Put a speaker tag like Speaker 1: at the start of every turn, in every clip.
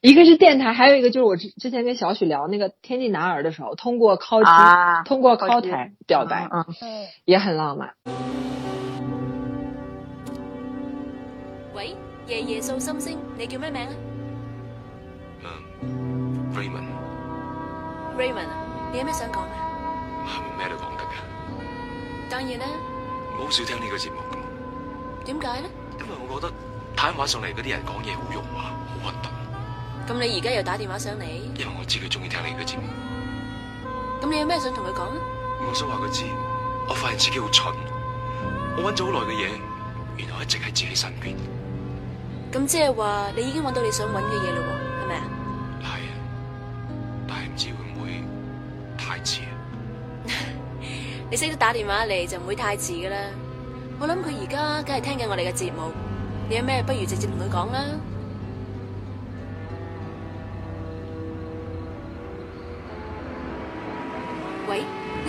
Speaker 1: 一個是電台，還有一個就是我之之前跟小許聊那個《天地男兒》的時候，通過 call、啊、通過 call 台表白，啊、也很浪漫。
Speaker 2: 喂，夜夜訴心聲，你叫咩名啊？
Speaker 3: 嗯
Speaker 2: ，Raymond，Raymond，你有咩想講嘅？
Speaker 3: 係咪咩都講得噶？
Speaker 2: 當然啦。
Speaker 3: 我好少聽呢個節目，點
Speaker 2: 解
Speaker 1: 呢？
Speaker 3: 因為我覺得睇灣上嚟嗰啲人講嘢好肉麻，好核突。
Speaker 1: 咁你而家又打電話上嚟？
Speaker 3: 因為我知佢中意聽你嘅節目。
Speaker 1: 咁你有咩想同佢講？
Speaker 3: 我想話佢知，我發現自己好蠢。我揾咗好耐嘅嘢，原來一直喺自己身邊。
Speaker 2: 咁即係話你已經揾到你想揾嘅嘢喎，係咪
Speaker 3: 啊？係啊，但係唔知會唔會太遲？
Speaker 2: 你識得打電話嚟就唔會太遲噶啦。我諗佢而家梗係聽緊我
Speaker 1: 哋嘅節目。你有咩不如直接同佢講啦？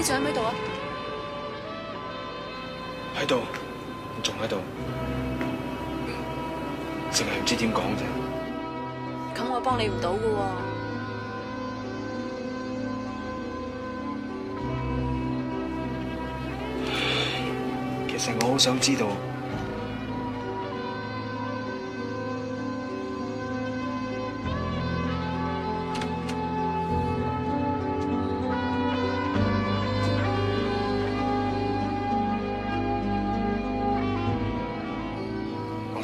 Speaker 1: 你
Speaker 3: 仲喺度啊？喺度，仲喺度，淨係唔知點講啫。
Speaker 4: 咁我幫你唔到噶。
Speaker 3: 其實我好想知道。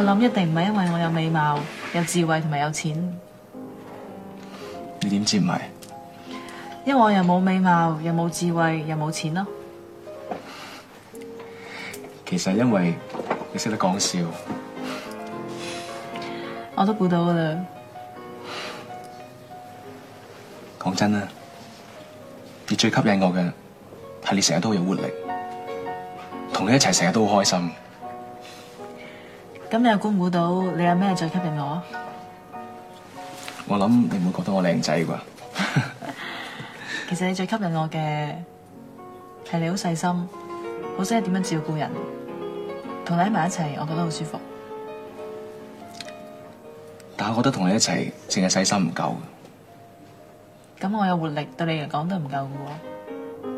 Speaker 1: 我諗一定唔係因為我有美貌、有智慧同埋有錢。
Speaker 3: 你點知唔係？
Speaker 1: 因為我又冇美貌，又冇智慧，又冇錢咯。
Speaker 3: 其實因為你識得講笑，
Speaker 1: 我都估到㗎啦。
Speaker 3: 講真啊，你最吸引我嘅係你成日都好有活力，同你一齊成日都好開心。
Speaker 4: 咁你又估唔估到你有咩最吸引我？
Speaker 3: 我諗你唔會覺得我靚仔啩？
Speaker 1: 其實你最吸引我嘅係你好細心，好識得點樣照顧人，同你喺埋一齊，我覺得好舒服。
Speaker 3: 但係我覺得同你一齊淨係細心唔夠。
Speaker 2: 咁我有活力對你嚟講都唔夠嘅喎。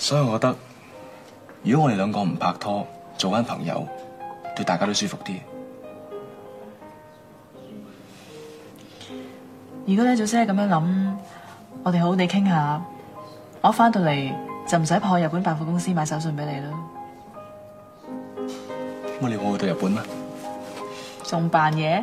Speaker 3: 所以我覺得，如果我哋兩個唔拍拖，做翻朋友，對大家都舒服啲。如果你早先咁樣諗，我哋好好哋傾下，我一翻到嚟就唔使破日本百貨公司買手信俾你啦。我哋會去到日本嗎？仲扮
Speaker 2: 嘢？